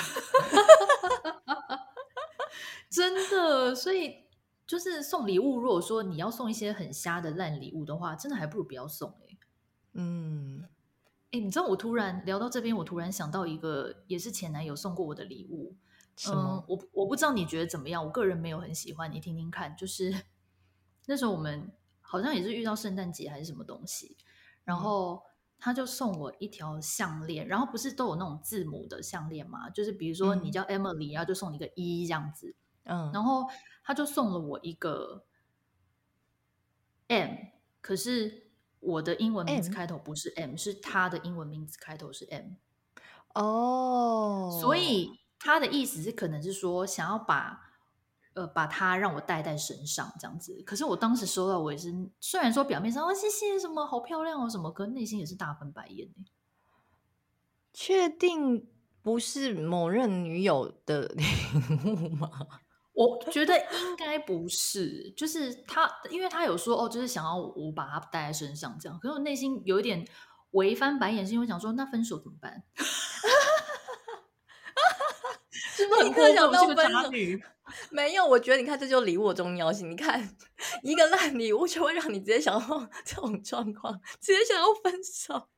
Speaker 2: 真的，
Speaker 1: 所以就是送禮物，如果說你要送一些很瞎的爛禮物的話，真的還不如不要送哎、欸。嗯，誒、欸、你知道我突然聊到這邊，我突然想到一個，也是前男友送過我的禮物。
Speaker 2: 什麼？嗯、
Speaker 1: 我我不知道你覺得怎麼樣，我個人沒有很喜歡，你聽聽看。就是那時候我們好像也是遇到聖誕節還是什麼東西，然後。嗯他就送我一條項鏈，然後不是都有那種字母的項鏈嘛？就是比如說你叫 Emily，然後、嗯、就送你一個 E 這樣子。嗯、然後他就送了我一個 M，可是我的英文名字開頭不是 M，M 是他的英文名字開頭是 M。哦、oh，所以他的意思是可能是說想要把。呃，把他讓我帶在身上這樣子。可是我當時收到，我也是雖然說表面上哦，謝謝什麼好漂亮哦什麼，可內心也是大翻白眼。
Speaker 2: 確定不是某任女友的禮物
Speaker 1: 嗎？我覺得應該不是，就是他，因為他有說哦，就是想要我，我把他帶在身上這樣。可是我內心有一點微翻白眼，是因為想說那分手怎麼辦？
Speaker 2: 是不是你立刻想到分手？是是沒有，我覺得你看，這就是禮物的重要性。你看，一個爛禮物就會讓你直接想到這種狀況，直接想要分手。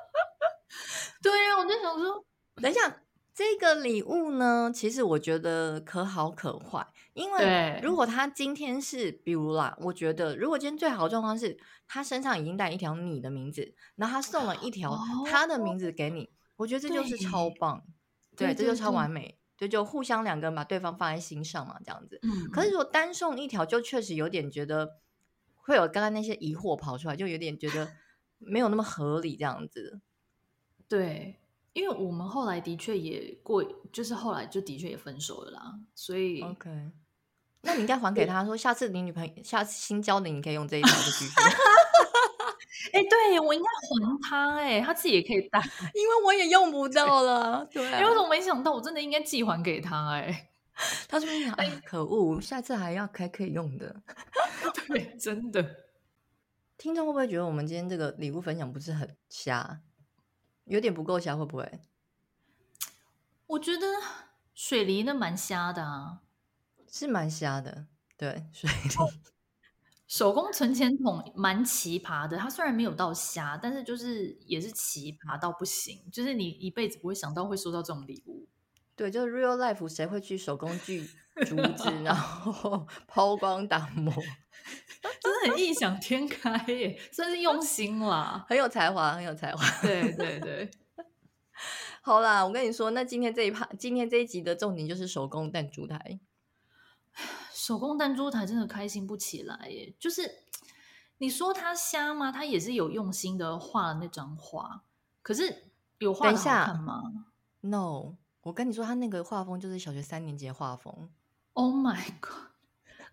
Speaker 2: 對呀，我就想說，等一下，這個禮物呢，其實我覺得可好可壞，因為如果他今天是對比如啦，我覺得如果今天最好的狀況是他身上已經帶一條你的名字，然後他送了一條他的名字給你，哦、我覺得這就是超棒。對，對這就超完美，對對對，就就互相兩個人把對方放在心上嘛，這樣子。嗯、可是如果單送一條，就確實有點覺得會有剛剛那些疑惑跑出來，就有點覺得沒有那麼合理這樣子。對，因為我們後來的確也過，就是後來就的確也分手了啦，所以。OK。那你應該還給他對說，下次你女朋友下次新交的，你可以用這一條就繼續。 哎、欸，對，我應該還他、欸。哎，他自己也可以帶， 因為我也用不到了。對，有什、啊欸、麼
Speaker 1: 沒想到？我真的應該寄還給他、欸。哎，
Speaker 2: 他說：“哎，哎可惡，下次還要開可，可以用的。”對，真的。聽眾會不會覺得我們今天這個禮物分享不是很瞎？有點不夠瞎，會不會？
Speaker 1: 我覺得水梨那蠻瞎的啊，是
Speaker 2: 蠻瞎的。對，水梨。哦。
Speaker 1: 手工存錢筒蠻奇葩的，它雖然沒有到蝦，但是就是也是奇葩到不行，就是你一輩子不
Speaker 2: 會想到會收到這種禮物。對，就是 real life 誰會去手工鋸竹子， 然後拋光打磨， 真的很異想天開耶，算 是用心啦，很有才華，很有才華。 對對對， 好啦，我跟你說，那今天這一趴，今天這一集的重點就是手工彈珠台。
Speaker 1: 手工彈珠檯真的開心不起來耶，就是你說他瞎嗎？他也是有用心的畫了那張畫，可是
Speaker 2: 有畫得好看嗎？等一下。No，我跟你說他那個畫風就是小學三年級畫風。Oh my God，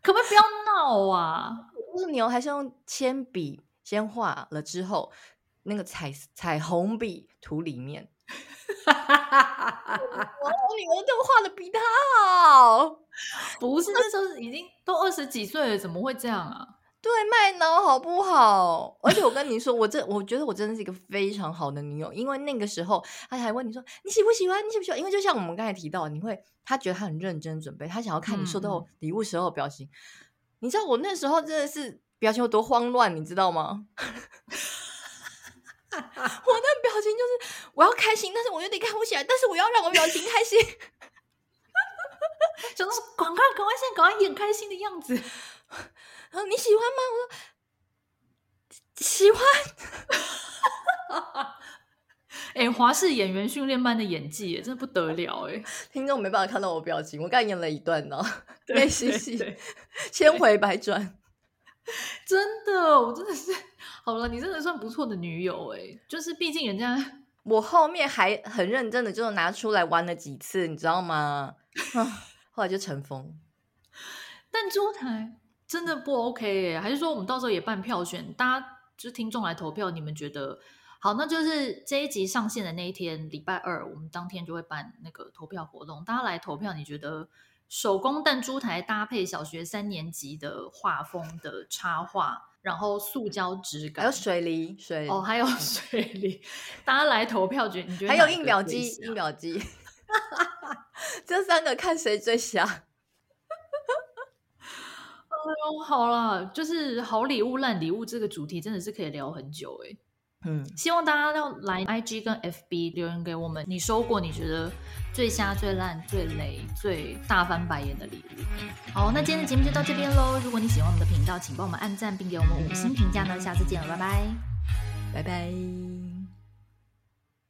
Speaker 2: 可不可以不要鬧啊？ 那牛，還是用鉛筆先畫了之後，那個彩彩虹筆塗裡面。哈哈哈哈，我女兒都畫的比他好，不
Speaker 1: 是那時候已經都二十幾歲了，怎麼會這樣啊？
Speaker 2: 對，賣腦好不好？ 而且我跟你說，我這我覺得我真的是一個非常好的女友，因為那個時候他還問你說，你喜不喜歡，你喜不喜歡？因為就像我們剛才提到，你會他覺得他很認真準備，他想要看你收到禮物時候的表情。嗯、你知道我那時候真的是表情有多慌亂，你知道嗎？我那表情就是我要開心，但是我有點看不起來，但是我要讓我表情開心。就那種趕快，趕快現在趕快演開心的樣子。然、啊、後你喜歡嗎？我說喜歡。
Speaker 1: 哎、 欸，華視演員訓練班的演技也真的不得了哎。
Speaker 2: 聽眾沒辦法看到我表情，我剛才演了一段呢，沒戲戲，千回百轉，對對對對 真的，我真的是好了，你真的算不錯的女友哎，就是畢竟人家。我後面還很認真的就拿出來玩了幾次，你知道嗎？後來就塵封。彈 珠台真的不 OK 哎、欸，還是說我們到時候也辦票選，大家就
Speaker 1: 是聽眾來投票，你們覺得好？那就是這一集上線的那一天，禮拜二我們當天就會辦那個投票活動，大家來投票。你覺得手工彈珠台搭配小學三年級的畫風的插畫？然後塑膠質感，還有水泥水哦，還有水泥，嗯、大家來投票決定。還有印表機，
Speaker 2: 印表機， 這三個看誰最像。
Speaker 1: 哎呦、 嗯，好了，就是好禮物、爛禮物這個主題真的是可以聊很久哎、欸嗯，希望大家要來 I G 跟 F B 留言給我們。你收過你覺得最瞎、最爛、最雷、最大翻白眼的禮物？好，那今天的節目就到這邊嘍。如果你喜歡我們的頻道，請幫我們按讚並給我們五星評價呢。下次見，拜拜，拜拜。拜拜。